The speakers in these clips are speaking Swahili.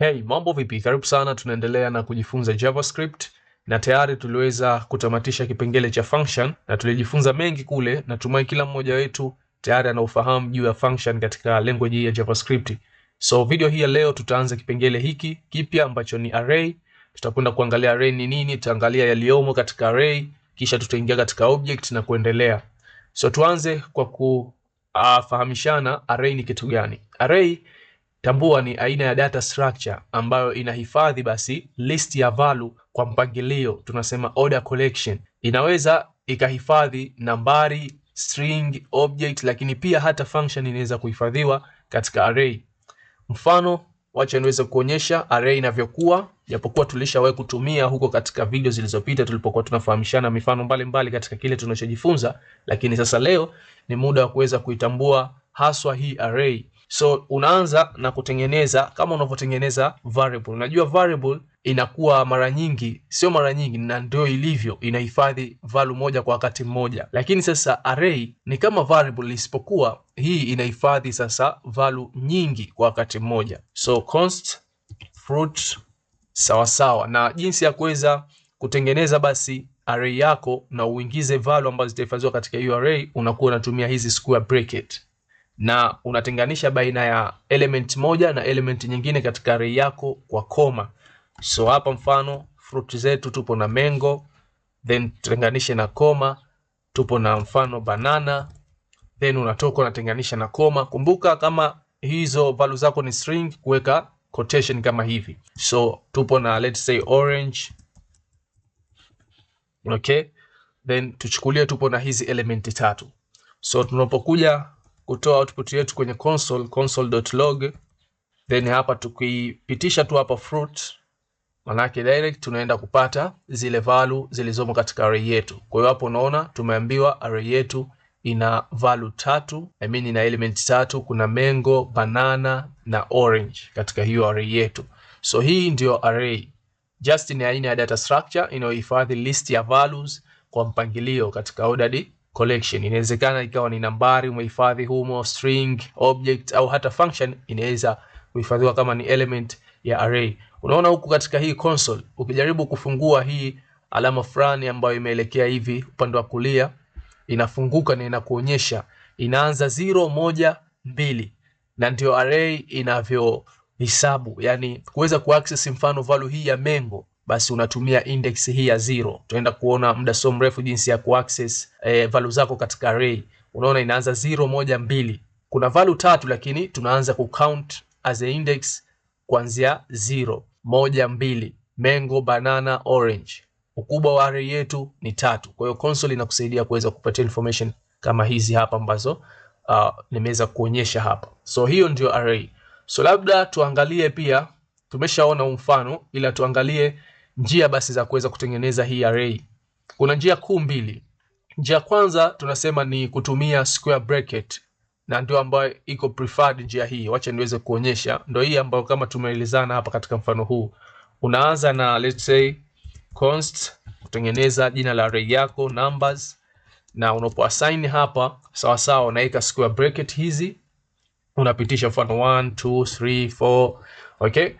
Hey, mambo vipi? Karibu sana, tunaendelea na kujifunza JavaScript na tayari tuliweza kutamatisha kipengele cha function na tulijifunza mengi kule. Natumai kila mmoja wetu tayari anaufahamu juu ya function katika language hii ya JavaScript. So video hii ya leo tutaanza kipengele hiki kipya ambacho ni array. Tutakwenda kuangalia array ni nini, tutaangalia yaliyomo katika array, kisha tutaingia katika object na kuendelea. So tuanze kwa ah, kufahamishana array ni kitu gani. Array Tambua ni aina ya data structure ambayo inahifadhi basi list ya value kwa mpangilio, tunasema order collection. Inaweza ikahifadhi nambari, string, object, lakini pia hata function inaweza kuhifadhiwa katika array. Mfano, wacha niweze kuonyesha array inavyokuwa, japokuwa tulishawahi kutumia huko katika video zilizopita tulipokuwa tunafahamishana mifano mbalimbali mbali katika kile tunachojifunza, lakini sasa leo ni muda wa kuweza kuitambua haswa hii array. So unaanza na kutengeneza kama unavyotengeneza variable. Unajua variable inakuwa mara nyingi, sio mara nyingi, na ndio ilivyo, inahifadhi value moja kwa wakati mmoja, lakini sasa array ni kama variable, isipokuwa hii inahifadhi sasa value nyingi kwa wakati mmoja. So const fruit sawa sawa, na jinsi ya kuweza kutengeneza basi array yako na uingize value ambazo zitahifadhiwa katika hiyo array, unakuwa unatumia hizi square bracket na unatenganisha baina ya element moja na element nyingine katika array yako kwa koma. So hapa mfano fruit zetu tupo na mango, then tenganishe na koma, tupo na mfano banana, then unatoka unatenganisha na koma. Kumbuka kama hizo value zako ni string, kuweka quotation kama hivi. So tupo na let's say orange, okay, then tuchukulie tupo na hizi elementi tatu. So tunapokuja kutoa output yetu kwenye console console.log, then hapa tukipitisha tu hapa fruit, manake direct tunaenda kupata zile value zilizomo katika array yetu. Kwa hiyo hapo unaona tumeambiwa array yetu ina value tatu, I mean ina element tatu, kuna mango, banana na orange katika hiyo array yetu. So hii ndio array. Just ni aina ya data structure inayohifadhi list ya values kwa mpangilio katika ordered collection. Inawezekana ikawa ni nambari umehifadhi humo, string, object au hata function inaweza kuhifadhiwa kama ni element ya array. Unaona huku katika hii console, ukijaribu kufungua hii alama fulani ambayo imeelekea hivi upande wa kulia, inafunguka na inakuonyesha inaanza zero, moja, mbili na ndio array inavyohesabu, yani kuweza kuaccess mfano value hii ya mengo basi unatumia index hii ya zero. Tutaenda kuona muda so mrefu jinsi ya kuaccess e, value zako katika array. Unaona inaanza zero, moja, mbili. Kuna value tatu, lakini tunaanza ku count as a index kuanzia zero, moja, mbili, mango, banana, orange. Ukubwa wa array yetu ni tatu. Kwa hiyo console inakusaidia kuweza kupata information kama hizi hapa ambazo uh, nimeweza kuonyesha hapa. So hiyo ndio array. So labda tuangalie pia Tumeshaona huu mfano, ila tuangalie njia basi za kuweza kutengeneza hii array. Kuna njia kuu mbili. Njia kwanza tunasema ni kutumia square bracket, na ndio ambayo iko preferred njia hii. Wacha niweze kuonyesha, ndio hii ambayo kama tumeelezana hapa katika mfano huu, unaanza na let's say const kutengeneza jina la array yako numbers, na unapo assign hapa sawa sawa, unaweka square bracket hizi, unapitisha mfano 1 2 3 4 okay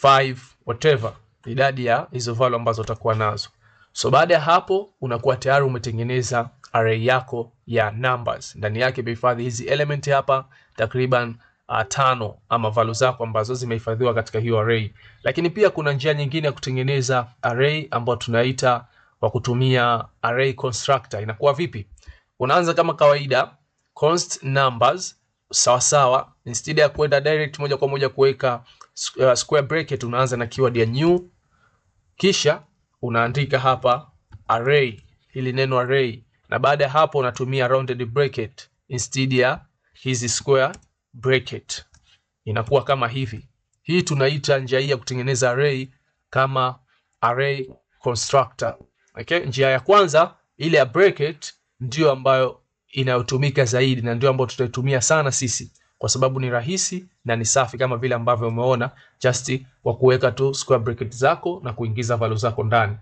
5 whatever idadi ya hizo value ambazo utakuwa nazo. So baada ya hapo unakuwa tayari umetengeneza array yako ya numbers. Ndani yake imehifadhi hizi element hapa takriban uh, tano ama value zako ambazo zimehifadhiwa katika hiyo array. Lakini pia kuna njia nyingine ya kutengeneza array ambayo tunaita kwa kutumia array constructor. Inakuwa vipi? Unaanza kama kawaida const numbers sawa sawa, instead ya kwenda direct moja kwa moja kuweka uh, square bracket, unaanza na keyword ya new, kisha unaandika hapa array, ili neno array, na baada ya hapo unatumia rounded bracket instead ya hizi square bracket, inakuwa kama hivi. Hii tunaita njia hii ya kutengeneza array kama array constructor. Okay, njia ya kwanza ile ya bracket ndiyo ambayo inayotumika zaidi na ndio ambayo tutaitumia sana sisi kwa sababu ni rahisi na ni safi kama vile ambavyo umeona just kwa kuweka tu square bracket zako na kuingiza value zako ndani.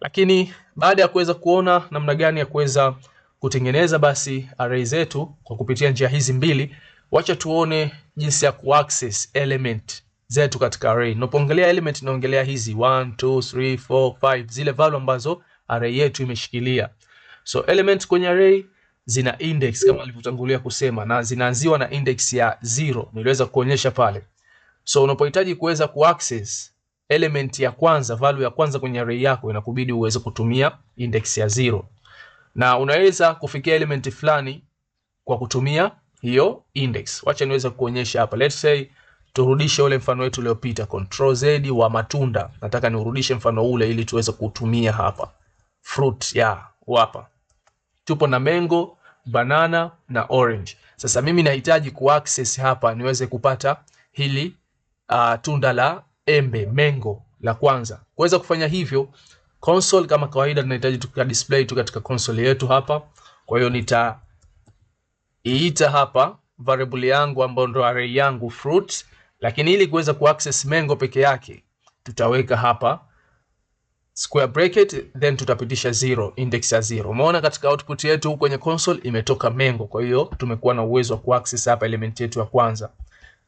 Lakini baada ya kuweza kuona namna gani ya kuweza kutengeneza basi array zetu kwa kupitia njia hizi mbili, wacha tuone jinsi ya kuaccess element zetu katika array. Napoongelea element naongelea hizi 1 2 3 4 5 zile value ambazo array yetu imeshikilia. So element kwenye array zina index kama nilivyotangulia kusema, na zinaanziwa na index ya zero, niliweza kuonyesha pale. So unapohitaji kuweza kuaccess element ya kwanza, value ya kwanza kwenye array yako, inakubidi uweze kutumia index ya zero, na unaweza kufikia element fulani kwa kutumia hiyo index. Wacha niweze kuonyesha hapa, let's say turudishe ule mfano wetu uliopita, control z wa matunda. Nataka niurudishe mfano ule ili tuweze kutumia hapa, fruit ya yeah, hapa tupo na mango, banana na orange. Sasa mimi nahitaji ku access hapa niweze kupata hili uh, tunda la embe mango la kwanza. Kuweza kufanya hivyo, console kama kawaida tunahitaji tuka display tu katika console yetu hapa. Kwa hiyo nita iita hapa variable yangu ambayo ndo array yangu fruit, lakini ili kuweza ku access mango peke yake tutaweka hapa square bracket then tutapitisha zero, index ya zero. Umeona katika output yetu kwenye console imetoka Mengo. Kwa hiyo tumekuwa na uwezo wa kuaccess hapa element yetu ya kwanza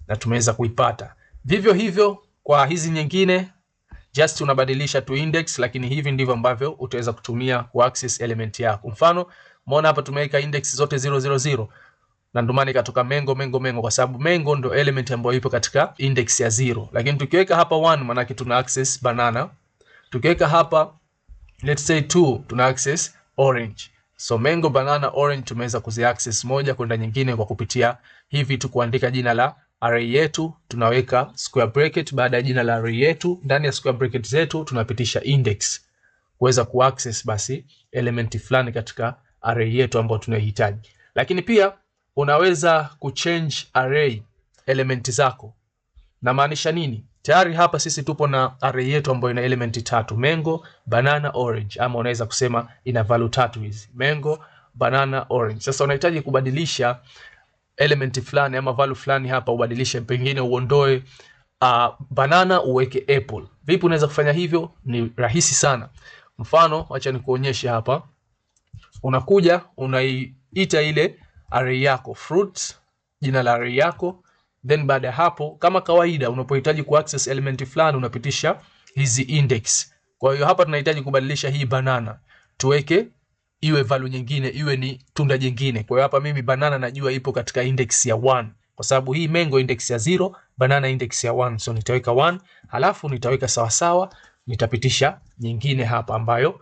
na tumeweza kuipata. Vivyo hivyo kwa hizi nyingine just unabadilisha tu index, lakini hivi ndivyo ambavyo utaweza kutumia kuaccess element yako. Mfano, umeona hapa tumeweka index zote 000 na ndo maana ikatoka Mengo Mengo Mengo, kwa sababu Mengo ndo element ambayo ipo katika index ya zero. Lakini tukiweka hapa 1 maana tuna access banana Tukiweka hapa let's say 2 tuna access orange. So mango, banana, orange tumeweza kuzi access moja kwenda nyingine kwa kupitia hivi tu kuandika jina la array yetu, tunaweka square bracket baada ya jina la array yetu, ndani ya square bracket zetu tunapitisha index kuweza kuaccess basi element fulani katika array yetu ambayo tunaihitaji. Lakini pia unaweza kuchange array element zako. Namaanisha nini? Tayari hapa sisi tupo na array yetu ambayo ina elementi tatu mango, banana, orange ama unaweza kusema ina value tatu hizi mango, banana, orange. Sasa unahitaji kubadilisha elementi fulani ama value fulani hapa ubadilishe, pengine uondoe uh, banana uweke apple. Vipi unaweza kufanya hivyo? Ni rahisi sana. Mfano, acha nikuonyeshe hapa. Unakuja unaiita ile array yako fruit, jina la array yako then baada ya hapo, kama kawaida, unapohitaji ku access element fulani unapitisha hizi index. Kwa hiyo hapa tunahitaji kubadilisha hii banana, tuweke iwe value nyingine, iwe ni tunda jingine. Kwa hiyo hapa mimi banana najua ipo katika index ya 1 kwa sababu hii mango index ya 0, banana index ya 1, so nitaweka 1, halafu nitaweka sawa sawa, nitapitisha nyingine hapa ambayo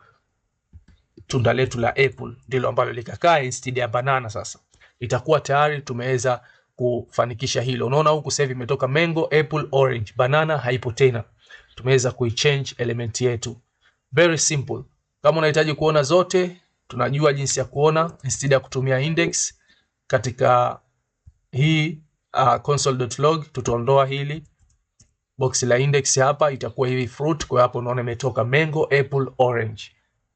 tunda letu la apple ndilo ambalo likakaa instead ya banana. Sasa itakuwa tayari tumeweza kufanikisha hilo. Unaona huku sasa hivi imetoka mango, apple, orange, banana haipo tena. Tumeweza kuichange element yetu. Very simple. Kama unahitaji kuona zote, tunajua jinsi ya kuona instead ya kutumia index katika hii uh, console.log tutaondoa hili box la index hapa, itakuwa hivi fruit. Kwa hapo unaona imetoka mango, apple, orange.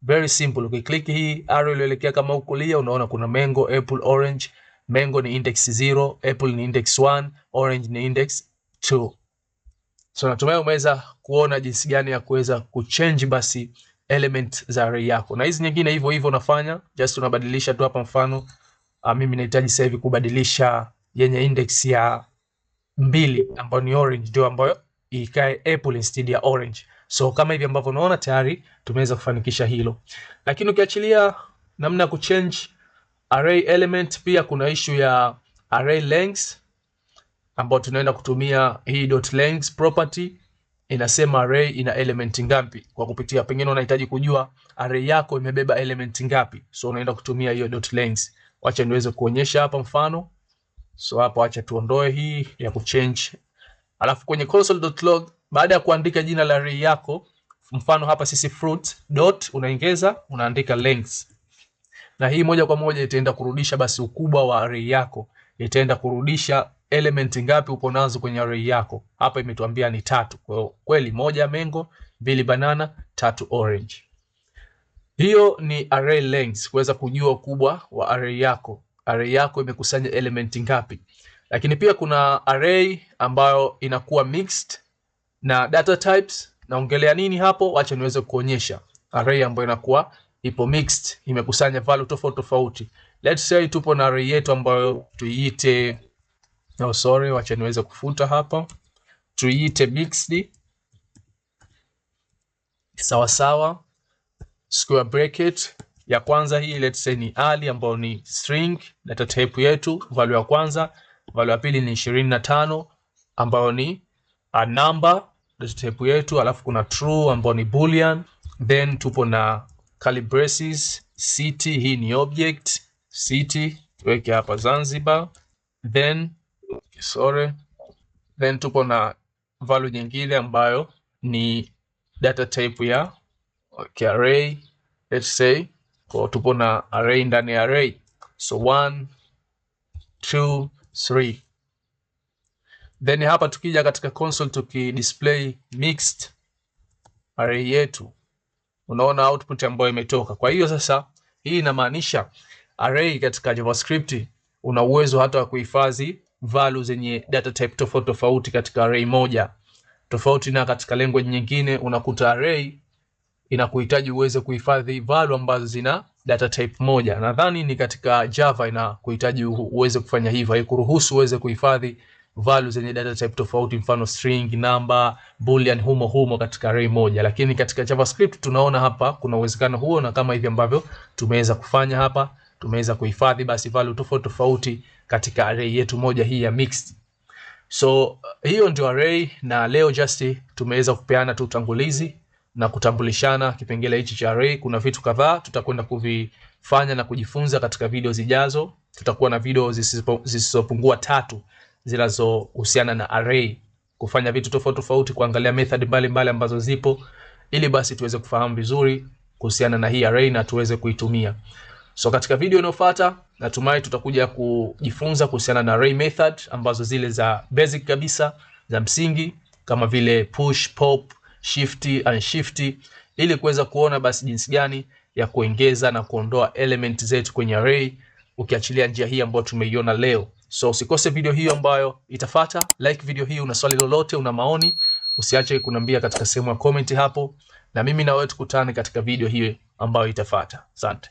Very simple. Ukiklik hii arrow iliyoelekea kama huko kulia, unaona kuna mango, apple, orange Mango ni index 0, Apple ni index 1, Orange ni index 2. So natumai umeweza kuona jinsi gani ya kuweza kuchange basi element za array yako, na hizi nyingine hivyo hivyo unafanya just unabadilisha tu. Hapa mfano uh, mimi nahitaji sasa hivi kubadilisha yenye index ya mbili ambayo ni Orange ndio ambayo ikae Apple instead ya Orange. So kama hivi ambavyo unaona tayari tumeweza kufanikisha hilo, lakini ukiachilia namna ya kuchange Array element pia kuna issue ya array length ambayo tunaenda kutumia hii dot length property inasema array ina element ngapi, kwa kupitia pengine unahitaji kujua array yako imebeba element ngapi, so unaenda kutumia hiyo dot length. acha niweze kuonyesha hapa mfano. So hapo acha tuondoe hii ya kuchange, alafu kwenye console.log baada ya kuandika jina la array yako, mfano hapa sisi fruit dot unaongeza unaandika length na hii moja kwa moja itaenda kurudisha basi ukubwa wa array yako, itaenda kurudisha element ngapi uko nazo kwenye array yako. Hapa imetuambia ni tatu, kwa kweli moja mango, mbili banana, tatu orange. Hiyo ni array length, kuweza kujua ukubwa wa array yako, array yako imekusanya element ngapi. Lakini pia kuna array ambayo inakuwa mixed na data types. Naongelea nini hapo? Wacha niweze kuonyesha array ambayo inakuwa ipo mixed, imekusanya value tofauti tofauti. Let's say tupo na array yetu ambayo tuiite no, oh, sorry, wacha niweze kufuta hapa, tuiite mixed, sawa sawa, square bracket ya kwanza hii let's say ni ali ambayo ni string data type yetu, value ya kwanza. Value ya pili ni 25 ambayo ni a number data type yetu, alafu kuna true ambayo ni boolean, then tupo na braces, city, hii ni object city, tuweke hapa Zanzibar, then sorry, then tupo na value nyingine ambayo ni data type ya okay, array let's say, kwa tupo na array ndani ya array, so 1 2 3 Then hapa tukija katika console, tukidisplay mixed array yetu unaona output ambayo imetoka. Kwa hiyo sasa hii inamaanisha array katika JavaScript una uwezo hata wa kuhifadhi value zenye data type tofauti tofauti katika array moja, tofauti na katika language nyingine unakuta array inakuhitaji uweze kuhifadhi value ambazo zina data type moja. Nadhani ni katika Java inakuhitaji uweze kufanya hivyo, haikuruhusu uweze kuhifadhi values zenye data type tofauti, mfano string, namba, boolean humo humo katika array moja. Lakini katika JavaScript tunaona hapa kuna uwezekano huo, na kama hivi ambavyo tumeweza kufanya hapa, tumeweza kuhifadhi basi value tofauti tofauti katika array yetu moja hii ya mixed. So hiyo ndio array, na leo just tumeweza kupeana tu utangulizi na kutambulishana kipengele hichi cha array. Kuna vitu kadhaa tutakwenda kuvifanya na kujifunza katika video zijazo. Tutakuwa na video zisizopungua tatu zinazohusiana na array, kufanya vitu tofauti tofauti, kuangalia method mbalimbali mbali ambazo zipo, ili basi tuweze kufahamu vizuri kuhusiana na hii array na tuweze kuitumia. So katika video inayofuata, natumai tutakuja kujifunza kuhusiana na array method ambazo zile za basic kabisa za msingi kama vile push, pop, shift, unshift ili kuweza kuona basi jinsi gani ya kuongeza na kuondoa element zetu kwenye array ukiachilia njia hii ambayo tumeiona leo. So usikose video hiyo ambayo itafata. Like video hii, una swali lolote, una maoni, usiache kuniambia katika sehemu ya comment hapo, na mimi na wewe tukutane katika video hiyo ambayo itafata. Asante.